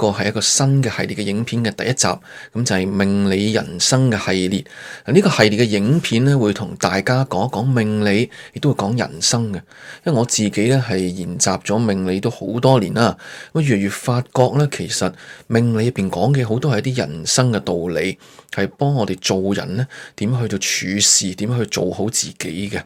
個係一個新嘅系列嘅影片嘅第一集，咁就係、是、命理人生嘅系列。呢、這個系列嘅影片呢，會同大家講一講命理，亦都會講人生嘅。因為我自己呢，係研習咗命理都好多年啦，咁越嚟越發覺呢，其實命理入邊講嘅好多係啲人生嘅道理，係幫我哋做人呢，點去到處事，點去做好自己嘅。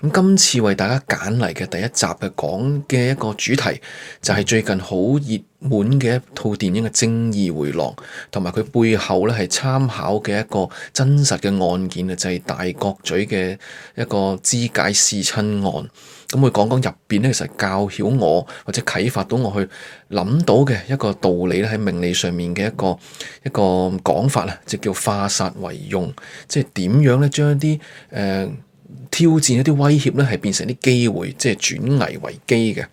咁今次為大家揀嚟嘅第一集嘅講嘅一個主題，就係、是、最近好熱門嘅一套電影嘅《正義回廊》，同埋佢背後咧係參考嘅一個真實嘅案件，就係大角咀嘅一個肢解弒親案。咁佢講講入邊咧，其實教曉我或者啟發到我去諗到嘅一個道理咧，喺命理上面嘅一個一個講法啦，就叫化殺為用，即係點樣咧將一啲誒。呃挑戰一啲威脅咧，係變成啲機會，即係轉危為機嘅。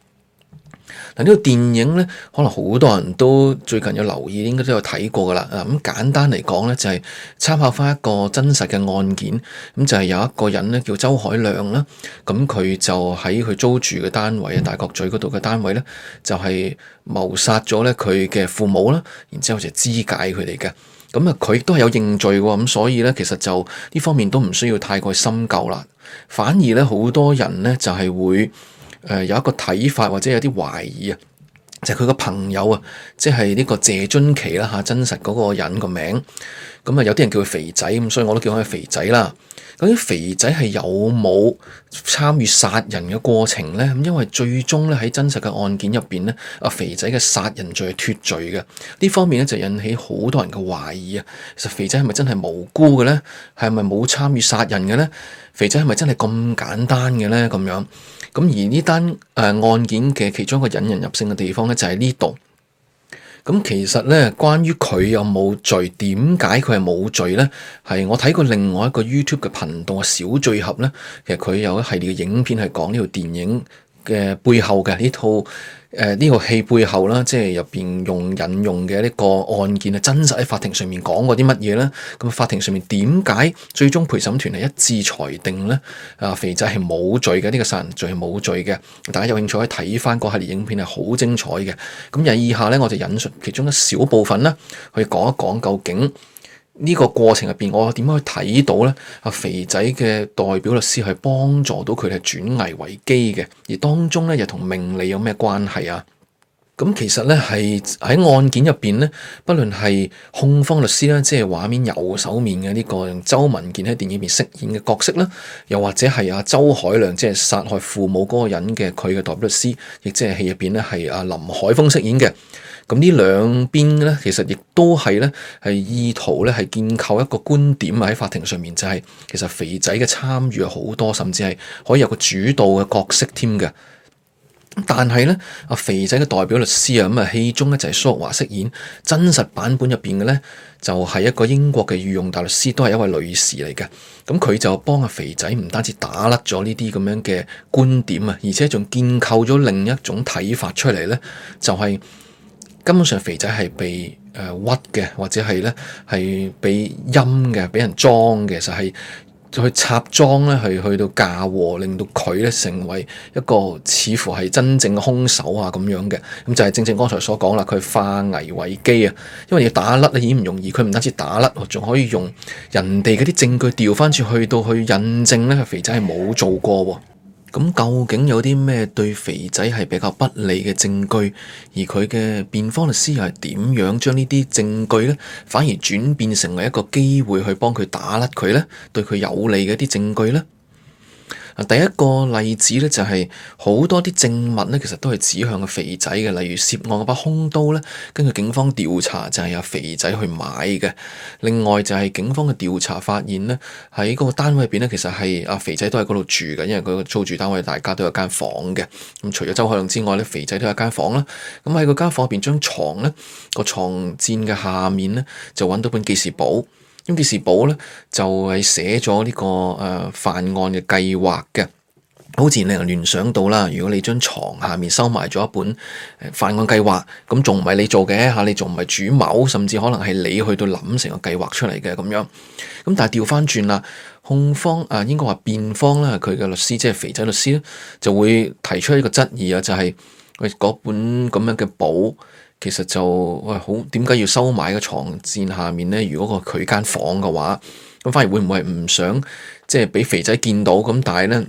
嗱、這、呢個電影咧，可能好多人都最近有留意，應該都有睇過噶啦。咁簡單嚟講咧，就係、是、參考翻一個真實嘅案件，咁就係、是、有一個人咧叫周海亮啦。咁佢就喺佢租住嘅單位啊，大角咀嗰度嘅單位咧，就係謀殺咗咧佢嘅父母啦，然之後就肢解佢哋嘅。咁啊，佢都係有認罪嘅喎。咁所以咧，其實就呢方面都唔需要太過深究啦。反而咧，好多人咧就係會誒有一個睇法或者有啲懷疑啊，就係佢個朋友啊，即係呢個謝津琪啦嚇，真實嗰個人個名。咁啊，有啲人叫佢肥仔，咁所以我都叫佢肥仔啦。咁啲肥仔係有冇參與殺人嘅過程咧？咁因為最終咧喺真實嘅案件入邊咧，阿肥仔嘅殺人罪係脫罪嘅。呢方面咧就引起好多人嘅懷疑啊！其實肥仔係咪真係無辜嘅咧？係咪冇參與殺人嘅咧？肥仔係咪真係咁簡單嘅咧？咁樣咁而呢單誒案件嘅其中一個引人入勝嘅地方咧，就喺呢度。咁其實咧，關於佢有冇罪，點解佢係冇罪咧？係我睇過另外一個 YouTube 嘅頻道嘅小醉俠咧，其實佢有一系列嘅影片係講呢條電影嘅背後嘅呢套誒呢個戲背後啦，即係入邊用引用嘅呢個案件係真實喺法庭上面講過啲乜嘢咧？咁法庭上面點解最終陪審團係一致裁定咧？啊，肥仔係冇罪嘅，呢個殺人罪係冇罪嘅。大家有興趣可以睇翻個系列影片，係好精彩嘅。咁以下咧，我就引述其中一小部分啦，去講一講究竟。呢個過程入邊，我點樣去睇到呢？阿肥仔嘅代表律師係幫助到佢哋係轉危為機嘅，而當中呢，又同命理有咩關係啊？咁、嗯、其實呢，係喺案件入邊呢，不論係控方律師啦，即係畫面右手面嘅呢個周文健喺電影入邊飾演嘅角色啦，又或者係阿周海亮即係殺害父母嗰個人嘅佢嘅代表律師，亦即係戲入邊呢，係阿林海峰飾演嘅。咁呢兩邊咧，其實亦都係咧，係意圖咧係建構一個觀點啊！喺法庭上面就係，其實肥仔嘅參與好多，甚至係可以有個主導嘅角色添嘅。但係咧，阿肥仔嘅代表律師啊，咁啊戲中咧就係蘇玉華飾演，真實版本入邊嘅咧就係一個英國嘅御用大律師，都係一位女士嚟嘅。咁佢就幫阿肥仔唔單止打甩咗呢啲咁樣嘅觀點啊，而且仲建構咗另一種睇法出嚟咧，就係。根本上肥仔係被誒、呃、屈嘅，或者係咧係被陰嘅，俾人裝嘅，就係去插贓咧，去去到嫁禍，令到佢咧成為一個似乎係真正嘅兇手啊咁樣嘅。咁就係正正剛才所講啦，佢化危為機啊，因為要打甩你已經唔容易，佢唔單止打甩，仲可以用人哋嗰啲證據調翻轉去到去印證咧，肥仔係冇做過喎。咁究竟有啲咩對肥仔係比較不利嘅證據？而佢嘅辯方律師又係點樣將呢啲證據咧，反而轉變成為一個機會去幫佢打甩佢咧，對佢有利嘅啲證據咧？第一個例子呢、就是，就係好多啲證物呢，其實都係指向個肥仔嘅，例如涉案嗰把兇刀呢，根據警方調查就係阿肥仔去買嘅。另外就係警方嘅調查發現呢，喺個單位入邊呢，其實係阿肥仔都喺嗰度住嘅，因為佢個租住單位大家都有間房嘅。咁除咗周海龍之外呢，肥仔都有間房啦。咁喺個間房入邊張床呢，個床墊嘅下面呢，就揾到本記事簿。咁《劫士堡》咧就係寫咗呢個誒、呃、犯案嘅計劃嘅，好似令人聯想到啦。如果你張床下面收埋咗一本誒犯案計劃，咁仲唔係你做嘅嚇、啊？你仲唔係主謀？甚至可能係你去到諗成個計劃出嚟嘅咁樣。咁但係調翻轉啦，控方啊，應該話辯方咧，佢嘅律師即係肥仔律師咧，就會提出一個質疑啊，就係喂，嗰本咁樣嘅簿。其實就喂好點解要收埋個床墊下面呢？如果個佢間房嘅話，咁反而會唔會係唔想即係俾肥仔見到咁？但係呢，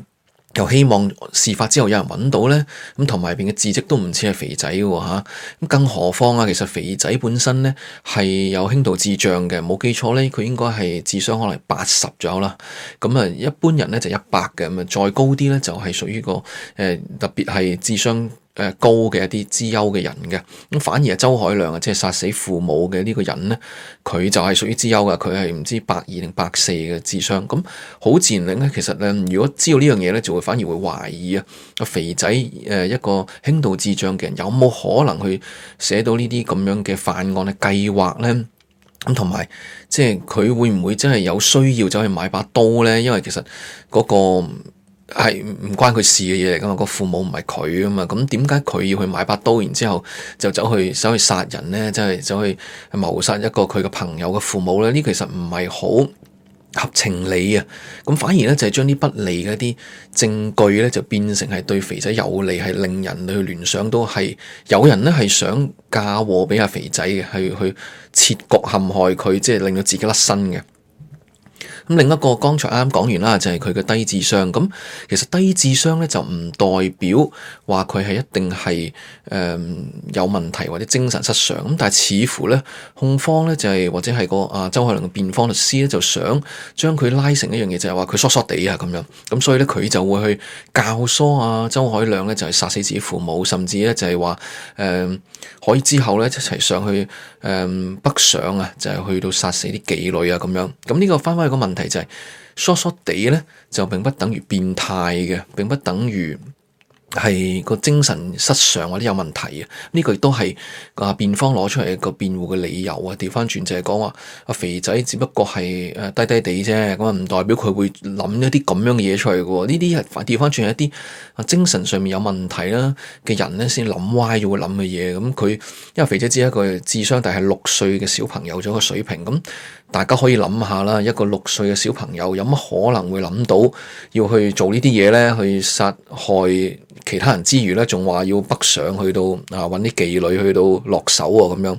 又希望事發之後有人揾到呢，咁，同埋入邊嘅字跡都唔似係肥仔嘅吓。咁更何況啊，其實肥仔本身呢係有輕度智障嘅，冇記錯呢，佢應該係智商可能八十左右啦。咁啊，一般人呢就一百嘅咁啊，再高啲呢就係屬於個誒特別係智商。誒高嘅一啲資優嘅人嘅，咁反而係周海亮啊，即係殺死父母嘅呢個人咧，佢就係屬於資優嘅，佢係唔知百二定百四嘅智商，咁好自然㗎咧。其實咧，如果知道呢樣嘢咧，就會反而會懷疑啊，個肥仔誒一個輕度智障嘅人有冇可能去寫到呢啲咁樣嘅犯案嘅計劃咧？咁同埋即係佢會唔會真係有需要走去買把刀咧？因為其實嗰個。係唔關佢事嘅嘢嚟噶嘛？個父母唔係佢啊嘛？咁點解佢要去買把刀，然之後就走去走去殺人咧？即係走去謀殺一個佢嘅朋友嘅父母咧？呢其實唔係好合情理啊！咁反而咧就係將啲不利嘅一啲證據咧，就變成係對肥仔有利，係令人去聯想到係有人咧係想嫁禍俾阿肥仔嘅，去去切割陷害佢，即係令到自己甩身嘅。咁另一個剛才啱啱講完啦，就係佢嘅低智商。咁其實低智商咧就唔代表話佢係一定係誒、呃、有問題或者精神失常。咁但係似乎咧控方咧就係、是、或者係個阿周凱亮嘅辯方律師咧就想將佢拉成一樣嘢，就係話佢傻傻哋啊咁樣，咁所以咧佢就會去教唆啊周凱亮咧就係殺死自己父母，甚至咧就係話誒可以之後咧一齊上去誒、呃、北上啊，就係、是、去到殺死啲妓女啊咁樣，咁呢、這個翻返去個問題。就係疏疏地咧，就並不等於變態嘅，並不等於係個精神失常或者有問題嘅。呢個亦都係啊辯方攞出嚟個辯護嘅理由啊！調翻轉就係講話阿肥仔只不過係誒低低地啫，咁啊唔代表佢會諗一啲咁樣嘅嘢出嚟嘅。呢啲係調翻轉係一啲啊精神上面有問題啦嘅人咧，先諗歪咗會諗嘅嘢。咁佢因為肥仔只係一個智商，但係六歲嘅小朋友咗個水平咁。大家可以諗下啦，一個六歲嘅小朋友有乜可能會諗到要去做呢啲嘢咧？去殺害其他人之餘咧，仲話要北上去到啊搵啲妓女去到落手啊。咁樣。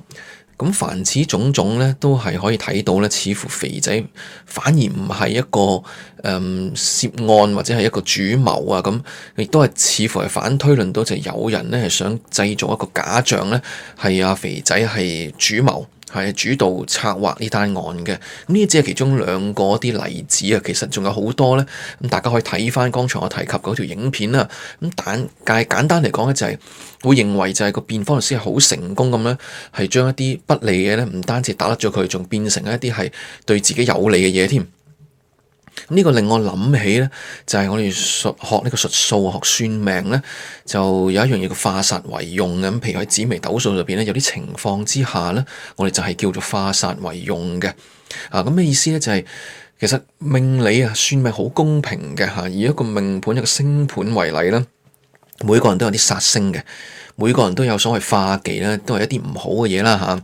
咁凡此種種咧，都係可以睇到咧，似乎肥仔反而唔係一個誒、嗯、涉案或者係一個主謀啊。咁亦都係似乎係反推論到就有人咧係想製造一個假象咧，係阿、啊、肥仔係主謀。係主導策劃呢單案嘅，咁呢啲只係其中兩個啲例子啊，其實仲有好多咧，咁大家可以睇翻剛才我提及嗰條影片啦。咁但係簡單嚟講咧，就係會認為就係個辯方律師係好成功咁樣，係將一啲不利嘅咧，唔單止打甩咗佢，仲變成一啲係對自己有利嘅嘢添。呢個令我諗起咧，就係、是、我哋學呢個術數學算命咧，就有一樣嘢叫化殺為用。咁譬如喺紫微斗數入邊咧，有啲情況之下咧，我哋就係叫做化殺為用嘅。啊，咁咩意思咧？就係、是、其實命理啊，算命好公平嘅吓。以一個命盤一個星盤為例啦，每個人都有啲殺星嘅，每個人都有所謂化忌啦，都係一啲唔好嘅嘢啦吓。啊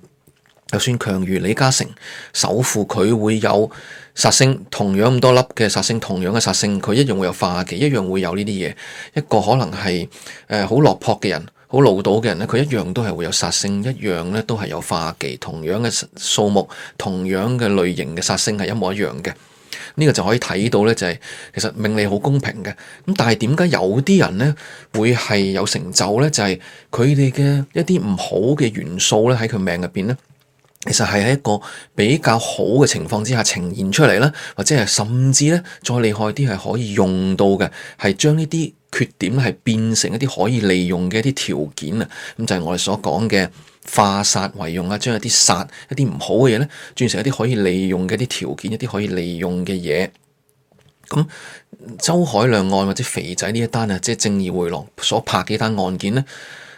就算強如李嘉誠首富，佢會有殺星，同樣咁多粒嘅殺星，同樣嘅殺星，佢一樣會有化忌，一樣會有呢啲嘢。一個可能係誒好落魄嘅人，好潦倒嘅人咧，佢一樣都係會有殺星，一樣咧都係有化忌，同樣嘅數目，同樣嘅類型嘅殺星係一模一樣嘅。呢、這個就可以睇到咧、就是，就係其實命理好公平嘅。咁但係點解有啲人咧會係有成就咧？就係佢哋嘅一啲唔好嘅元素咧喺佢命入邊咧。其實係喺一個比較好嘅情況之下呈現出嚟啦，或者係甚至咧再厲害啲係可以用到嘅，係將呢啲缺點係變成一啲可以利用嘅一啲條件啊！咁就係、是、我哋所講嘅化殺為用啊，將一啲殺一啲唔好嘅嘢咧，轉成一啲可以利用嘅一啲條件，一啲可以利用嘅嘢。咁周海亮案或者肥仔呢一單啊，即係正義迴廊所拍嘅一單案件咧。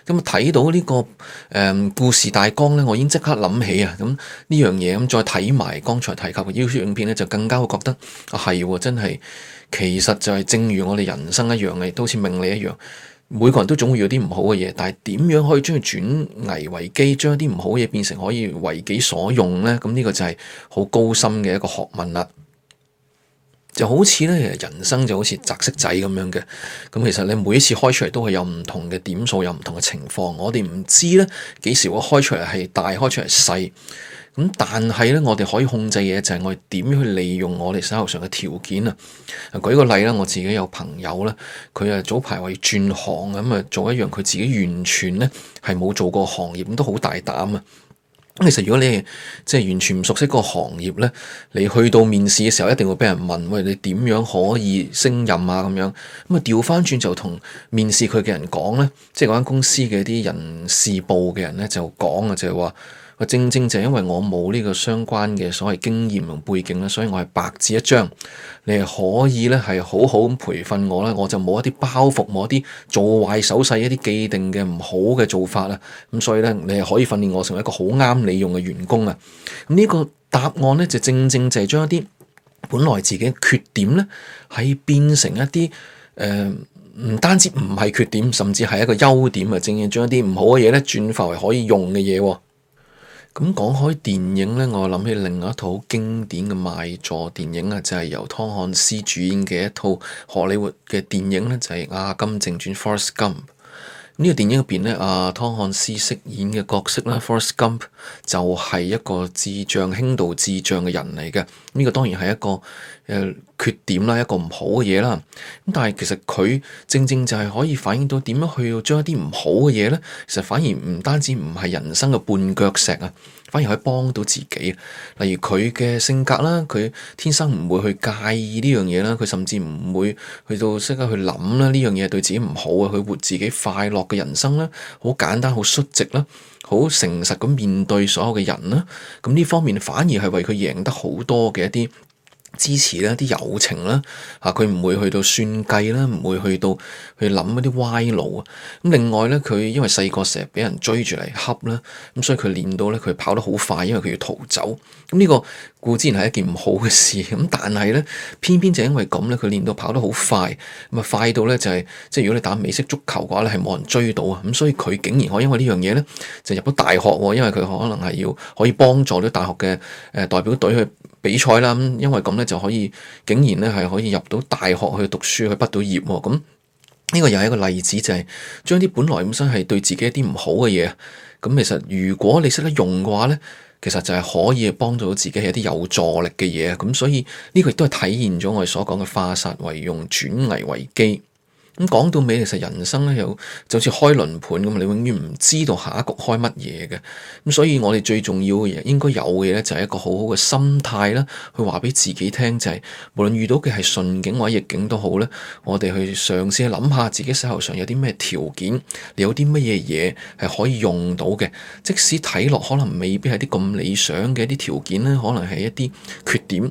咁睇到呢個誒故事大綱咧，我已經即刻諗起啊！咁呢樣嘢咁再睇埋剛才提及嘅 YouTube 影片咧，就更加會覺得啊係喎，真係其實就係正如我哋人生一樣嘅，都好似命理一樣，每個人都總會有啲唔好嘅嘢，但係點樣可以將佢轉危為機，將一啲唔好嘢變成可以為己所用咧？咁呢個就係好高深嘅一個學問啦。就好似咧，人生就好似擲色仔咁樣嘅。咁其實你每一次開出嚟都係有唔同嘅點數，有唔同嘅情況。我哋唔知咧幾時會開出嚟係大，開出嚟係細。咁但係咧，我哋可以控制嘅嘢就係我哋點樣去利用我哋生活上嘅條件啊。舉個例啦，我自己有朋友咧，佢啊早排為轉行咁啊做一樣，佢自己完全咧係冇做過行業，咁都好大膽啊。咁其實如果你係即係完全唔熟悉個行業咧，你去到面試嘅時候，一定會俾人問，喂，你點樣可以升任啊？咁樣咁啊，調翻轉就同面試佢嘅人講咧，即係嗰間公司嘅啲人事部嘅人咧，就講、是、啊，就係話。正正就係因為我冇呢個相關嘅所謂經驗同背景咧，所以我係白紙一張。你係可以咧，係好好咁培訓我咧，我就冇一啲包袱，冇一啲做壞手勢、一啲既定嘅唔好嘅做法啦。咁所以咧，你係可以訓練我成為一個好啱你用嘅員工啊！咁呢個答案咧，就正正正就係將一啲本來自己嘅缺點咧，係變成一啲誒唔單止唔係缺點，甚至係一個優點啊！正正將一啲唔好嘅嘢咧，轉化為可以用嘅嘢。咁講開電影呢，我諗起另外一套經典嘅賣座電影啊，就係由湯漢斯主演嘅一套荷里活嘅電影咧，就係《阿金正傳 Forrest Gump》。呢個電影入邊咧，阿湯漢斯飾演嘅角色呢，Forrest Gump 就係一個智障輕度智障嘅人嚟嘅。呢個當然係一個缺點啦，一個唔好嘅嘢啦。咁但係其實佢正正就係可以反映到點樣去要將一啲唔好嘅嘢呢？其實反而唔單止唔係人生嘅絆腳石啊，反而可以幫到自己。例如佢嘅性格啦，佢天生唔會去介意呢樣嘢啦，佢甚至唔會去到識得去諗啦。呢樣嘢對自己唔好啊，去活自己快樂嘅人生啦，好簡單，好率直啦，好誠實咁面對所有嘅人啦。咁呢方面反而係為佢贏得好多嘅一啲。支持啦，啲友情啦，啊，佢唔會去到算計啦，唔會去到去諗一啲歪路啊。咁另外咧，佢因為細個成日俾人追住嚟恰啦，咁所以佢練到咧，佢跑得好快，因為佢要逃走。咁、這、呢個。固之然係一件唔好嘅事，咁但係咧，偏偏就因為咁咧，佢練到跑得好快，咁啊快到咧就係、是，即係如果你打美式足球嘅話咧，係冇人追到啊！咁所以佢竟然可因為呢樣嘢咧，就入到大學，因為佢可能係要可以幫助啲大學嘅誒代表隊去比賽啦。咁因為咁咧，就可以竟然咧係可以入到大學去讀書去畢到業。咁呢個又係一個例子，就係、是、將啲本來本身係對自己一啲唔好嘅嘢，咁其實如果你識得用嘅話咧。其實就係可以幫助到自己係一啲有助力嘅嘢，咁所以呢個亦都係體現咗我哋所講嘅化煞為用，轉危為機。咁講到尾，其實人生咧有就好似開輪盤咁，你永遠唔知道下一局開乜嘢嘅。咁所以，我哋最重要嘅嘢應該有嘅咧，就係一個好好嘅心態啦。去話俾自己聽，就係無論遇到嘅係順境或者逆境都好咧，我哋去嘗試去諗下自己手頭上有啲咩條件，你有啲乜嘢嘢係可以用到嘅。即使睇落可能未必係啲咁理想嘅一啲條件咧，可能係一啲缺點，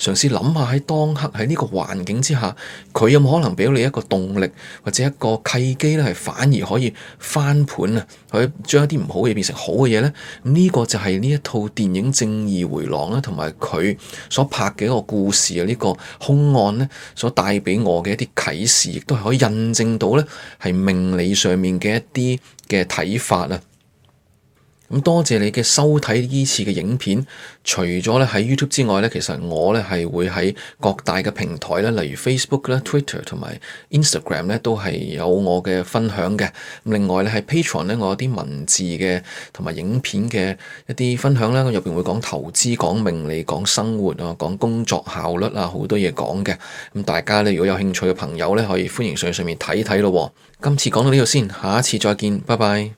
嘗試諗下喺當刻喺呢個環境之下，佢有冇可能俾到你一個動力。或者一個契機咧，係反而可以翻盤啊！可以將一啲唔好嘅嘢變成好嘅嘢咧。呢、呢個就係呢一套電影正義迴廊啦，同埋佢所拍嘅一個故事啊，呢、呢個兇案咧，所帶俾我嘅一啲啟示，亦都係可以印證到咧，係命理上面嘅一啲嘅睇法啊。咁多謝你嘅收睇呢次嘅影片，除咗喺 YouTube 之外咧，其實我咧係會喺各大嘅平台咧，例如 Facebook 咧、Twitter 同埋 Instagram 咧，都係有我嘅分享嘅。另外咧喺 Patreon 咧，我有啲文字嘅同埋影片嘅一啲分享啦，入邊會講投資、講命理、講生活啊、講工作效率啊，好多嘢講嘅。咁大家咧如果有興趣嘅朋友咧，可以歡迎上去上面睇睇咯。今次講到呢度先，下一次再見，拜拜。